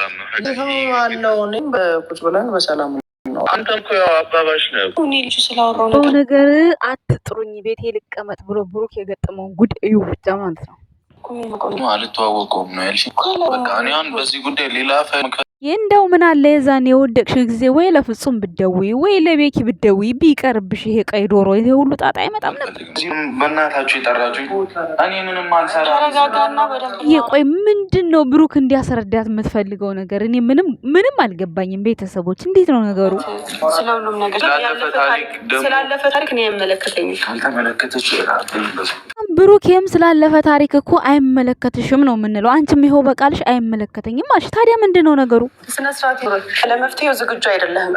አላወራም። አለው እኔም በቁጭ ብለን በሰላም አንተ ነው። ነገር አትጥሩኝ ቤቴ ልቀመጥ ብሎ ብሩክ የገጠመውን ጉድ እዩ ብቻ ማለት ነው። አልተዋወቀውም ነው ያልሽኝ። በቃ እኔ አሁን በዚህ ጉዳይ ሌላ እንደው ምን አለ የዛን የወደቅሽ ጊዜ ወይ ለፍጹም ብደዊ ወይ ለቤኪ ብደዊ ቢቀርብሽ ይሄ ቀይ ዶሮ ይሄ ሁሉ ጣጣ አይመጣም ነበር። በእናታችሁ የጠራችሁ እኔ ምንም አልሰራ። ቆይ ምንድን ነው ብሩክ እንዲያስረዳት የምትፈልገው ነገር? እኔ ምንም ምንም አልገባኝም። ቤተሰቦች እንዴት ነው ነገሩ? ስላለፈ ታሪክ እኔ አይመለከተኝም። ብሩክ ይህም ስላለፈ ታሪክ እኮ አይመለከትሽም ነው የምንለው። አንቺም ይኸው በቃልሽ አይመለከተኝም አልሽ። ታዲያ ምንድን ነው ነገሩ? ስነስርዓት ለመፍትሄው ዝግጁ አይደለም።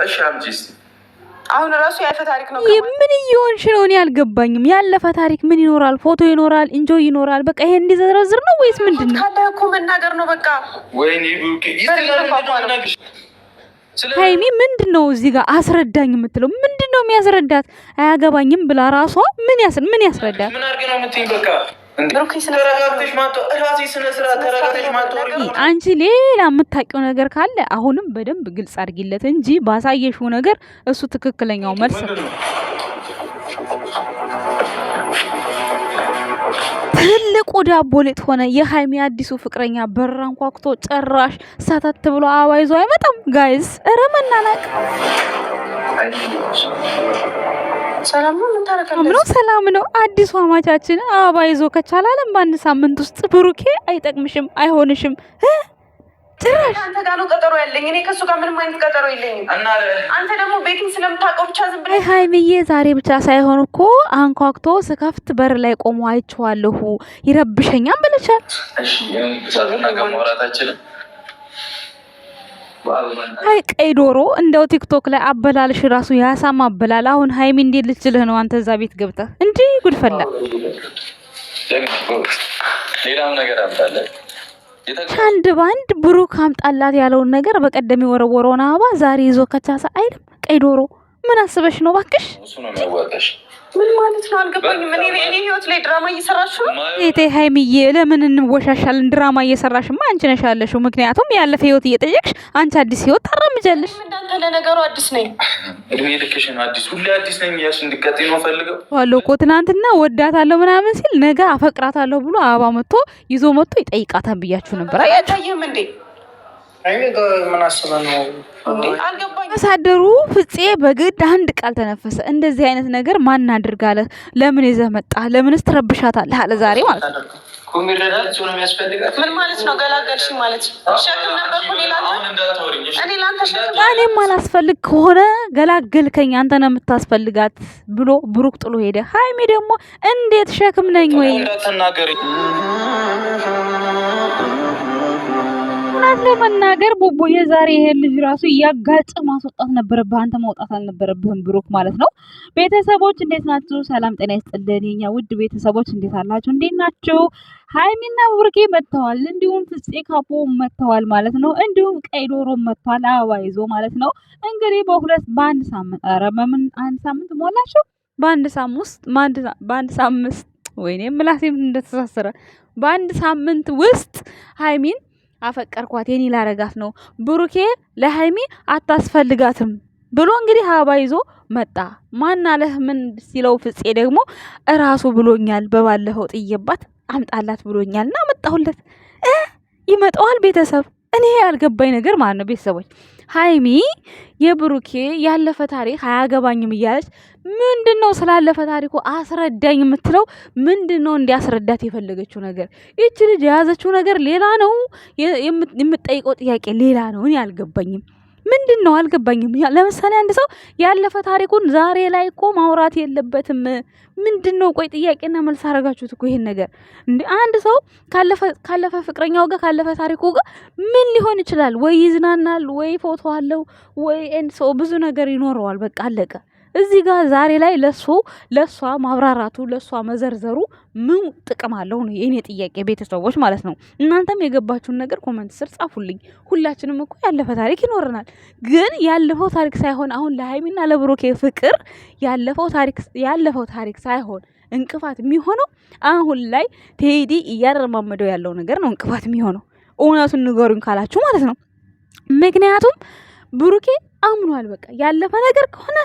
አሁን ራሱ ያለፈ ታሪክ ነው። ምን እየሆንሽ ነው? እኔ አልገባኝም። ያለፈ ታሪክ ምን ይኖራል? ፎቶ ይኖራል፣ እንጆ ይኖራል። በቃ ይሄ እንዲዘረዝር ነው ወይስ ምንድን ነው? ታዲያ እኮ መናገር ነው በቃ። ወይኔ ሀይሚ ምንድን ነው እዚህ ጋር አስረዳኝ የምትለው? ምንድን ነው የሚያስረዳት? አያገባኝም ብላ ራሷ ምን ያስረዳት? ምን አድርገህ ነው የምትይኝ? በቃ አንቺ ሌላ የምታውቂው ነገር ካለ አሁንም በደንብ ግልጽ አድርጊለት እንጂ ባሳየሽው ነገር እሱ ትክክለኛው መልስ ትልቁ ዳቦ ሆነ። የሀይሚ አዲሱ ፍቅረኛ በራን አንኳኩቶ ጭራሽ ሰተት ብሎ አበባ ይዞ አይመጣም። ጋይዝ እረ መናናቅ ሰላም ነው። ሰላም ነው። አዲሱ አማቻችን አበባ ይዞ ከቻላለም በአንድ ሳምንት ውስጥ ብሩኬ አይጠቅምሽም፣ አይሆንሽም። ጭራሽ አንተ ጋር ነው ቀጠሮ ያለኝ። እኔ ከእሱ ጋር ምንም አይነት ቀጠሮ የለኝም። አንተ ደግሞ ቤቱን ስለምታውቀው ብቻ ዝም ብለህ ሀይሚዬ፣ ዛሬ ብቻ ሳይሆን እኮ አንኳክቶ ስከፍት በር ላይ ቆሞ አይቼዋለሁ፣ ይረብሸኛም ብለሻል። አይ ቀይ ዶሮ እንደው ቲክቶክ ላይ አበላልሽ ራሱ ያሳማ አበላል። አሁን ሀይሚ እንዴት ልችልህ ነው አንተ እዛ ቤት ገብተህ እንዴ? ጉድፈላ ሌላም ነገር አምጣለ። አንድ ባንድ ብሩክ አምጣላት ያለውን ነገር በቀደም የወረወረውን አበባ ዛሬ ይዞ ከቻሳ አይልም። ቀይ ዶሮ ምን አስበሽ ነው ባክሽ? ምን ማለት ነው? አልገባኝም። እኔ ህይወት ላይ ድራማ እየሰራሽ ነው? እቴ ሀይሚዬ፣ ለምን እንወሻሻለን? ድራማ እየሰራሽማ አንቺ ነሽ ያለሽው። ምክንያቱም ያለፈ ህይወት እየጠየቅሽ አንቺ አዲስ ህይወት ታራምጃለሽ። እንዳንተ ለነገሩ አዲስ ነኝ፣ እድሜ ልክሽን አዲስ፣ ሁሌ አዲስ ነኝ እያልሽ እንድትቀጥይ ነው ፈልገው እኮ ትናንትና ወዳታለሁ ምናምን ሲል ነገ አፈቅራታለሁ ብሎ አበባ መጥቶ ይዞ መጥቶ ይጠይቃታል ብያችሁ ነበር። እንዴ? አምባሳደሩ ፍፄ በግድ አንድ ቃል ተነፈሰ። እንደዚህ አይነት ነገር ማን አድርግ ለምን ይዘህ መጣ? ለምንስ ትረብሻታለህ አለ። ዛሬ ማለት ነው እኔም አላስፈልግ ከሆነ ገላገልከኝ፣ አንተ ነው የምታስፈልጋት ብሎ ብሩክ ጥሎ ሄደ። ሀይሜ ደግሞ እንዴት ሸክም ነኝ ወይ እውነት ለመናገር ቡቡ የዛሬ ይሄ ልጅ ራሱ እያጋጭ ማስወጣት ነበረብህ። አንተ መውጣት አልነበረብህም ብሩክ ማለት ነው። ቤተሰቦች እንዴት ናችሁ? ሰላም ጤና ይስጥልን። የኛ ውድ ቤተሰቦች እንዴት አላችሁ? እንዴት ናችሁ? ሀይሚና ብሩኬ መጥተዋል። እንዲሁም ፍፄ ካፖ መጥተዋል ማለት ነው። እንዲሁም ቀይ ዶሮ መጥተዋል አበባ ይዞ ማለት ነው። እንግዲህ በሁለት በአንድ ሳምንት ኧረ በምን አንድ ሳምንት ሞላችሁ? በአንድ ሳምንት በአንድ ሳምንት ወይኔ ምላሴ እንደተሳሰረ በአንድ ሳምንት ውስጥ ሀይሚን አፈቀርኳት የኔ ላረጋት ነው ብሩኬ ለሀይሚ አታስፈልጋትም ብሎ እንግዲህ አበባ ይዞ መጣ። ማን አለህ ምን ሲለው ፍፄ ደግሞ እራሱ ብሎኛል፣ በባለፈው ጥየባት አምጣላት ብሎኛል እና መጣሁለት። ይመጣዋል ቤተሰብ እኔ ያልገባኝ ነገር ማለት ነው ቤተሰቦች ሀይሚ የብሩኬ ያለፈ ታሪክ አያገባኝም እያለች ምንድን ነው ስላለፈ ታሪኩ አስረዳኝ የምትለው ምንድን ነው? እንዲያስረዳት የፈለገችው ነገር ይች ልጅ የያዘችው ነገር ሌላ ነው። የምጠይቀው ጥያቄ ሌላ ነው። እኔ አልገባኝም። ምንድን ነው አልገባኝም። ለምሳሌ አንድ ሰው ያለፈ ታሪኩን ዛሬ ላይ እኮ ማውራት የለበትም። ምንድን ነው ቆይ፣ ጥያቄና መልስ አረጋችሁት እኮ ይሄን ነገር አንድ ሰው ካለፈ ፍቅረኛው ጋር ካለፈ ታሪኩ ጋር ምን ሊሆን ይችላል? ወይ ይዝናናል፣ ወይ ፎቶ አለው፣ ወይ ሰው ብዙ ነገር ይኖረዋል። በቃ አለቀ። እዚህ ጋር ዛሬ ላይ ለሱ ለሷ ማብራራቱ ለሷ መዘርዘሩ ምን ጥቅም አለው ነው የኔ ጥያቄ። ቤተሰቦች ማለት ነው እናንተም የገባችሁን ነገር ኮመንት ስር ጻፉልኝ። ሁላችንም እኮ ያለፈ ታሪክ ይኖረናል፣ ግን ያለፈው ታሪክ ሳይሆን አሁን ለሀይሚና ለብሩኬ ፍቅር ያለፈው ታሪክ ያለፈው ታሪክ ሳይሆን እንቅፋት የሚሆነው አሁን ላይ ቴዲ እያረማመደው ያለው ነገር ነው እንቅፋት የሚሆነው። እውነቱን ንገሩኝ ካላችሁ ማለት ነው። ምክንያቱም ብሩኬ አምኗል። በቃ ያለፈ ነገር ከሆነ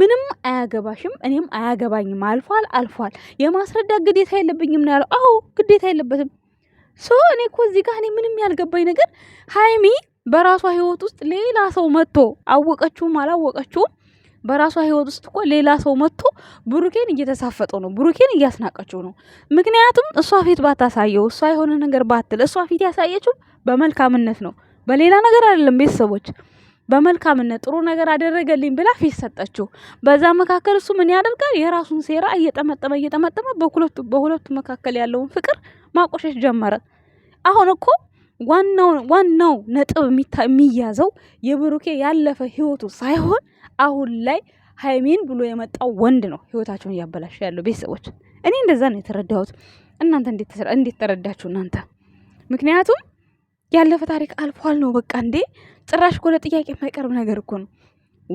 ምንም አያገባሽም፣ እኔም አያገባኝም፣ አልፏል አልፏል፣ የማስረዳት ግዴታ የለብኝም ነው ያለው። አዎ ግዴታ የለበትም። ሶ እኔ እኮ እዚህ ጋር እኔ ምንም ያልገባኝ ነገር ሀይሚ በራሷ ህይወት ውስጥ ሌላ ሰው መጥቶ አወቀችውም አላወቀችውም በራሷ ህይወት ውስጥ እኮ ሌላ ሰው መጥቶ ብሩኬን እየተሳፈጠው ነው፣ ብሩኬን እያስናቀችው ነው። ምክንያቱም እሷ ፊት ባታሳየው፣ እሷ የሆነ ነገር ባትል፣ እሷ ፊት ያሳየችው በመልካምነት ነው፣ በሌላ ነገር አይደለም ቤተሰቦች በመልካምነት ጥሩ ነገር አደረገልኝ ብላ ፊት ሰጠችው። በዛ መካከል እሱ ምን ያደርጋል? የራሱን ሴራ እየጠመጠመ እየጠመጠመ በሁለቱ በሁለቱ መካከል ያለውን ፍቅር ማቆሸሽ ጀመረ። አሁን እኮ ዋናው ነጥብ የሚያዘው የብሩኬ ያለፈ ህይወቱ ሳይሆን አሁን ላይ ሀይሜን ብሎ የመጣው ወንድ ነው ህይወታቸውን እያበላሸ ያለው። ቤተሰቦች እኔ እንደዛ ነው የተረዳሁት። እናንተ እንዴት ተረዳችሁ እናንተ ምክንያቱም ያለፈ ታሪክ አልፏል ነው በቃ። እንዴ ጭራሽ እኮ ለጥያቄ የማይቀርብ ነገር እኮ ነው።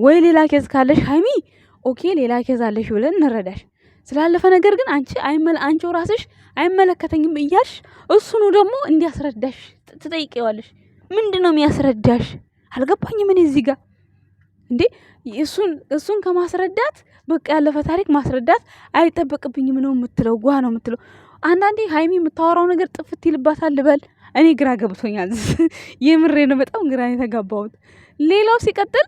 ወይ ሌላ ኬዝ ካለሽ ሀይሚ ኦኬ፣ ሌላ ኬዝ አለሽ ብለን እንረዳሽ። ስላለፈ ነገር ግን አንቺ አንቺው ራስሽ አይመለከተኝም እያልሽ እሱኑ ደግሞ እንዲያስረዳሽ ትጠይቀዋለሽ። ምንድን ነው የሚያስረዳሽ? አልገባኝም እኔ እዚህ ጋር እንዴ እሱን ከማስረዳት በቃ ያለፈ ታሪክ ማስረዳት አይጠበቅብኝም ነው የምትለው። ጓ ነው የምትለው። አንዳንዴ ሀይሚ የምታወራው ነገር ጥፍት ይልባታል ልበል እኔ ግራ ገብቶኛል። የምሬ ነው፣ በጣም ግራ የተጋባሁት። ሌላው ሲቀጥል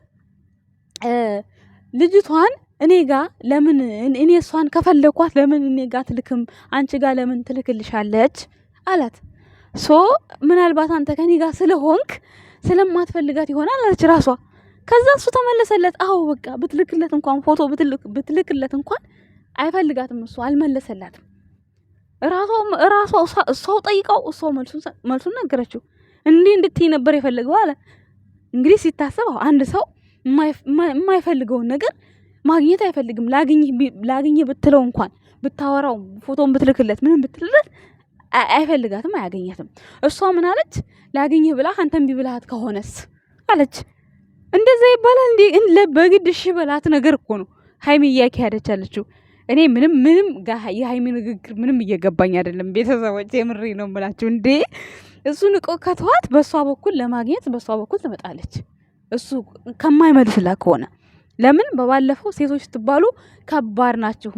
ልጅቷን እኔ ጋ ለምን እኔ እሷን ከፈለኳት ለምን እኔ ጋ ትልክም አንቺ ጋ ለምን ትልክልሻለች አላት። ሶ ምናልባት አንተ ከኔ ጋ ስለሆንክ ስለማትፈልጋት ይሆናል አለች ራሷ። ከዛ እሱ ተመለሰለት። አዎ በቃ ብትልክለት እንኳን ፎቶ ብትልክለት እንኳን አይፈልጋትም እሱ አልመለሰላትም። ራሷ ሰው ጠይቀው እሷ መልሱን ነገረችው። እንዲህ እንድትይ ነበር የፈለገው አለ። እንግዲህ ሲታሰብ አንድ ሰው የማይፈልገውን ነገር ማግኘት አይፈልግም። ላግኝ ብትለው እንኳን ብታወራው፣ ፎቶን ብትልክለት፣ ምንም ብትልለት አይፈልጋትም፣ አያገኛትም። እሷ ምን አለች? ላግኝህ ብላ አንተ ቢብላት ከሆነስ አለች። እንደዛ ይባላል እንዴ? በግድ እሺ በላት ነገር እኮ ነው ሀይሚ እያካሄደች ያለችው። እኔ ምንም ምንም የሀይሚ ንግግር ምንም እየገባኝ አይደለም። ቤተሰቦች የምሬ ነው የምላችሁ እንዴ እሱ ንቆ ከተዋት በእሷ በኩል ለማግኘት በእሷ በኩል ትመጣለች። እሱ ከማይመልስላ ከሆነ ለምን በባለፈው ሴቶች ስትባሉ ከባድ ናችሁ፣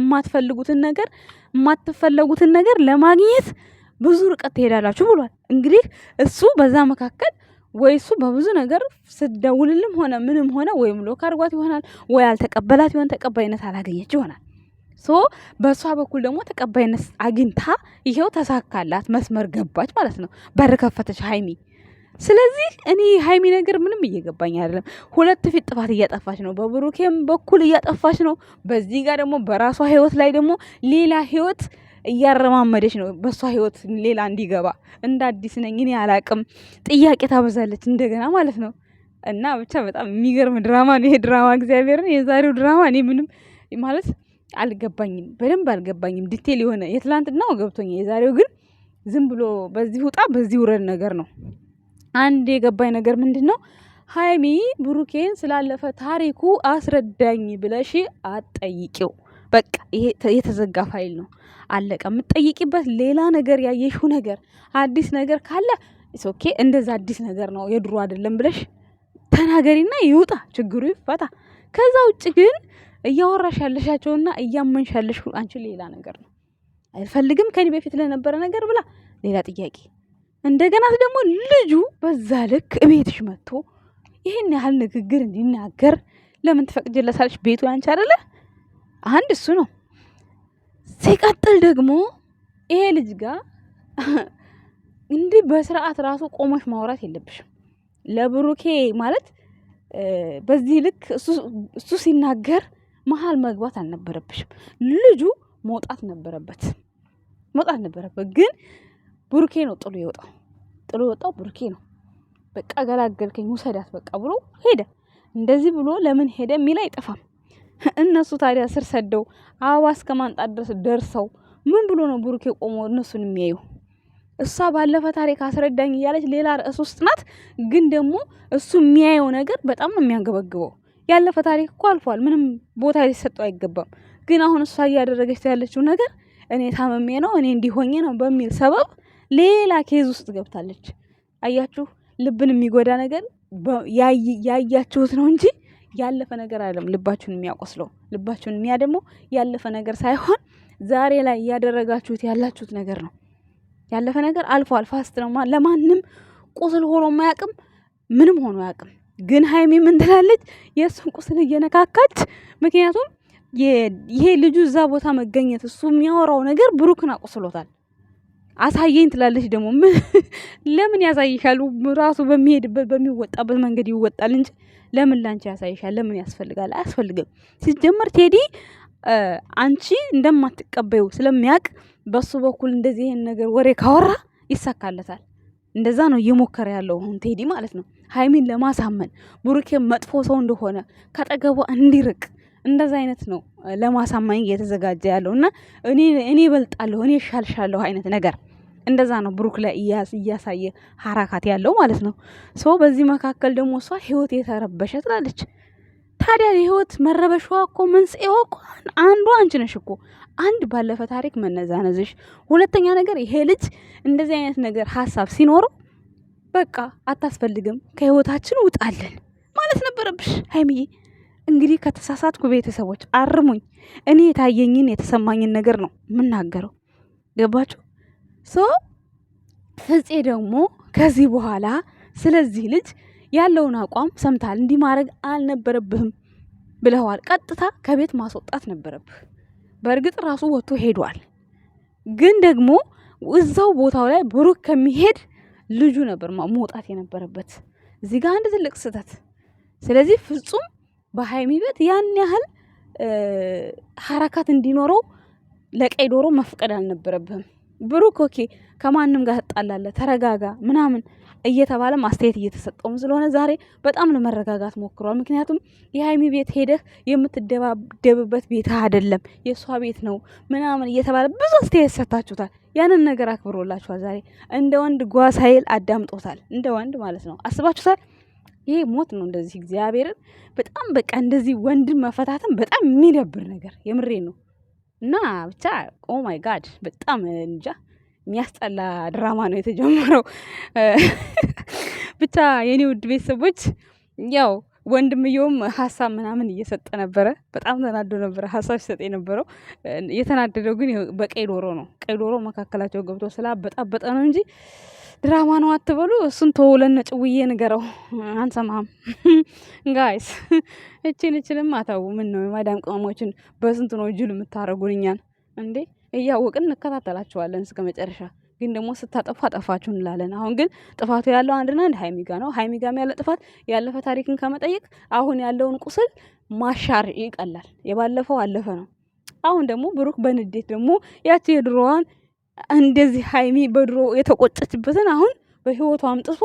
የማትፈልጉትን ነገር የማትፈለጉትን ነገር ለማግኘት ብዙ ርቀት ትሄዳላችሁ ብሏል። እንግዲህ እሱ በዛ መካከል ወይ እሱ በብዙ ነገር ስደውልልም ሆነ ምንም ሆነ ወይም ሎክ አድርጓት ይሆናል ወይ አልተቀበላት ይሆን ተቀባይነት አላገኘች ይሆናል። ሶ በእሷ በኩል ደግሞ ተቀባይነት አግኝታ ይኸው ተሳካላት፣ መስመር ገባች ማለት ነው። በር ከፈተች ሀይሚ። ስለዚህ እኔ ሀይሚ ነገር ምንም እየገባኝ አይደለም። ሁለት ፊት ጥፋት እያጠፋች ነው፣ በብሩኬም በኩል እያጠፋች ነው። በዚህ ጋር ደግሞ በራሷ ህይወት ላይ ደግሞ ሌላ ህይወት እያረማመደች ነው። በእሷ ህይወት ሌላ እንዲገባ እንደ አዲስ ነኝ እኔ አላቅም ጥያቄ ታበዛለች እንደገና ማለት ነው። እና ብቻ በጣም የሚገርም ድራማ ነው ይሄ ድራማ። እግዚአብሔርን የዛሬው ድራማ እኔ ምንም ማለት አልገባኝም፣ በደንብ አልገባኝም። ዲቴል የሆነ የትላንትናው ገብቶኝ የዛሬው ግን ዝም ብሎ በዚህ ውጣ በዚህ ውረድ ነገር ነው። አንድ የገባኝ ነገር ምንድን ነው ሀይሚ ብሩኬን ስላለፈ ታሪኩ አስረዳኝ ብለሽ አጠይቂው በቃ ይሄ የተዘጋ ፋይል ነው፣ አለቀ። የምጠይቂበት ሌላ ነገር ያየሽው ነገር አዲስ ነገር ካለ ኦኬ፣ እንደዛ አዲስ ነገር ነው የድሮ አይደለም ብለሽ ተናገሪና ይውጣ፣ ችግሩ ይፈታ። ከዛ ውጭ ግን እያወራሽ ያለሻቸውና እያመንሽ ያለሽ አንቺ ሌላ ነገር ነው። አልፈልግም ከኔ በፊት ለነበረ ነገር ብላ ሌላ ጥያቄ እንደገና ደግሞ ልጁ በዛ ልክ እቤትሽ መጥቶ ይህን ያህል ንግግር እንዲናገር ለምን ትፈቅጅለታለች? ቤቱ ያንቺ አይደለ? አንድ እሱ ነው። ሲቀጥል ደግሞ ይሄ ልጅ ጋር እንዲህ በስርዓት ራሱ ቆመሽ ማውራት የለብሽም። ለብሩኬ ማለት በዚህ ልክ እሱ ሲናገር መሀል መግባት አልነበረብሽም። ልጁ መውጣት ነበረበት መውጣት ነበረበት። ግን ብሩኬ ነው ጥሎ የወጣው ጥሎ የወጣው ብሩኬ ነው። በቃ ገላገልከኝ፣ ውሰዳት በቃ ብሎ ሄደ። እንደዚህ ብሎ ለምን ሄደ የሚል አይጠፋም። እነሱ ታዲያ ስር ሰደው አበባ እስከ ማንጣት ድረስ ደርሰው ምን ብሎ ነው ብሩኬ ቆሞ እነሱን የሚያዩ? እሷ ባለፈ ታሪክ አስረዳኝ እያለች ሌላ ርዕስ ውስጥ ናት። ግን ደግሞ እሱ የሚያየው ነገር በጣም ነው የሚያንገበግበው። ያለፈ ታሪክ እኮ አልፏል። ምንም ቦታ ሊሰጠው አይገባም። ግን አሁን እሷ እያደረገች ያለችው ነገር እኔ ታመሜ ነው እኔ እንዲሆኜ ነው በሚል ሰበብ ሌላ ኬዝ ውስጥ ገብታለች። አያችሁ፣ ልብን የሚጎዳ ነገር ያያችሁት ነው እንጂ ያለፈ ነገር አይደለም። ልባችሁን የሚያቆስለው ልባችሁን የሚያ ደግሞ ያለፈ ነገር ሳይሆን ዛሬ ላይ እያደረጋችሁት ያላችሁት ነገር ነው። ያለፈ ነገር አልፏል። ፋስት ነው ለማንም ቁስል ሆኖ ማያቅም ምንም ሆኖ አያውቅም። ግን ሀይሚ ምን ትላለች? የእሱን ቁስል እየነካካች ምክንያቱም ይሄ ልጁ እዛ ቦታ መገኘት እሱ የሚያወራው ነገር ብሩክን አቁስሎታል። አሳየኝ ትላለች ደግሞ። ለምን ያሳይሻል? ራሱ በሚሄድበት በሚወጣበት መንገድ ይወጣል እንጂ ለምን ላንቺ ያሳይሻል? ለምን ያስፈልጋል? አያስፈልግም። ሲጀመር ቴዲ አንቺ እንደማትቀበዩ ስለሚያውቅ በሱ በኩል እንደዚህ ይሄን ነገር ወሬ ካወራ ይሳካለታል። እንደዛ ነው እየሞከረ ያለው አሁን ቴዲ ማለት ነው። ሀይሚን ለማሳመን ብሩኬ መጥፎ ሰው እንደሆነ ከጠገቧ እንዲርቅ እንደዛ አይነት ነው ለማሳመን እየተዘጋጀ ያለው እና እኔ በልጣለሁ እኔ ሻልሻለሁ አይነት ነገር እንደዛ ነው ብሩክ ላይ እያሳየ ሀራካት ያለው ማለት ነው። ሰው በዚህ መካከል ደግሞ እሷ ህይወት የተረበሸ ትላለች። ታዲያ የህይወት መረበሿ እኮ መንስኤዋ እኮ አንዱ አንቺ ነሽ እኮ። አንድ ባለፈ ታሪክ መነዛነዝሽ፣ ሁለተኛ ነገር ይሄ ልጅ እንደዚህ አይነት ነገር ሀሳብ ሲኖረው በቃ አታስፈልግም፣ ከህይወታችን ውጣለን ማለት ነበረብሽ ሀይሚዬ። እንግዲህ ከተሳሳትኩ ቤተሰቦች አርሙኝ። እኔ የታየኝን የተሰማኝን ነገር ነው የምናገረው። ገባችሁ? ሶ ፍፄ ደግሞ ከዚህ በኋላ ስለዚህ ልጅ ያለውን አቋም ሰምታል። እንዲህ ማድረግ አልነበረብህም ብለዋል። ቀጥታ ከቤት ማስወጣት ነበረብህ። በእርግጥ ራሱ ወጥቶ ሄዷል፣ ግን ደግሞ እዛው ቦታው ላይ ብሩክ ከሚሄድ ልጁ ነበር መውጣት የነበረበት እዚህ ጋር አንድ ትልቅ ስህተት። ስለዚህ ፍጹም በሀይሚ ቤት ያን ያህል ሀረካት እንዲኖረው ለቀይ ዶሮ መፍቀድ አልነበረብህም። ብሩክ ኦኬ ከማንም ጋር ጣላለ ተረጋጋ ምናምን እየተባለ አስተያየት እየተሰጠውም ስለሆነ ዛሬ በጣም ለመረጋጋት ሞክሯል። ምክንያቱም የሀይሚ ቤት ሄደህ የምትደባደብበት ቤት አይደለም የእሷ ቤት ነው ምናምን እየተባለ ብዙ አስተያየት ሰጥታችሁታል። ያንን ነገር አክብሮላችኋል። ዛሬ እንደ ወንድ ጓዝ ኃይል አዳምጦታል። እንደ ወንድ ማለት ነው። አስባችሁታል። ይሄ ሞት ነው። እንደዚህ እግዚአብሔርን በጣም በቃ እንደዚህ ወንድን መፈታትን በጣም የሚደብር ነገር የምሬ ነው። እና ብቻ ኦ ማይ ጋድ በጣም እንጃ የሚያስጠላ ድራማ ነው የተጀመረው። ብቻ የኔ ውድ ቤተሰቦች ያው ወንድምየውም ሀሳብ ምናምን እየሰጠ ነበረ። በጣም ተናዶ ነበረ ሀሳብ ሲሰጥ የነበረው። የተናደደው ግን በቀይ ዶሮ ነው። ቀይ ዶሮ መካከላቸው ገብቶ ስላበጣበጠ ነው እንጂ ድራማ ነው አትበሉ። እሱን ተውለነ ጭውዬ ንገረው አንሰማም። ጋይስ እችን እችልም አታው ምን ነው የማዳም ቅመሞችን በስንት ነው ጅል የምታረጉን እኛን እንዴ? እያወቅን እንከታተላቸዋለን እስከ መጨረሻ። ግን ደግሞ ስታጠፉ አጠፋችሁ እንላለን። አሁን ግን ጥፋቱ ያለው አንድና አንድ ሀይሚጋ ነው። ሀይሚ ያለ ጥፋት ያለፈ ታሪክን ከመጠየቅ አሁን ያለውን ቁስል ማሻር ይቀላል። የባለፈው አለፈ ነው። አሁን ደግሞ ብሩክ በንዴት ደግሞ ያቺ የድሮዋን እንደዚህ ሀይሚ በድሮ የተቆጨችበትን አሁን በህይወቱ አምጥፎ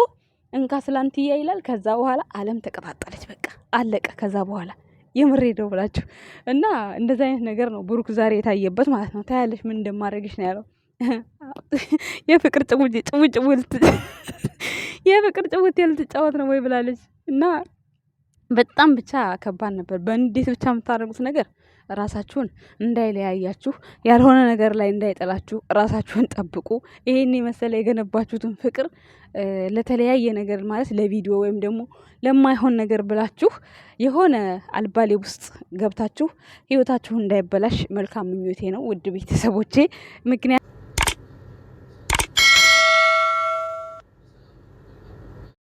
እንካ ስላንትያ ይላል። ከዛ በኋላ አለም ተቀጣጠለች። በቃ አለቀ። ከዛ በኋላ የምሬ ነው ብላችሁ እና እንደዚህ አይነት ነገር ነው ብሩክ ዛሬ የታየበት ማለት ነው። ታያለሽ ምን እንደማድረግሽ ነው ያለው። የፍቅር ጭሙጭ ጭሙጭሙ የፍቅር ጭሙት ልትጫወት ነው ወይ ብላለች። እና በጣም ብቻ ከባድ ነበር። በንዴት ብቻ የምታደርጉት ነገር ራሳችሁን እንዳይለያያችሁ፣ ያልሆነ ነገር ላይ እንዳይጠላችሁ ራሳችሁን ጠብቁ። ይሄን የመሰለ የገነባችሁትን ፍቅር ለተለያየ ነገር ማለት ለቪዲዮ ወይም ደግሞ ለማይሆን ነገር ብላችሁ የሆነ አልባሌ ውስጥ ገብታችሁ ህይወታችሁን እንዳይበላሽ መልካም ምኞቴ ነው ውድ ቤተሰቦቼ ምክንያት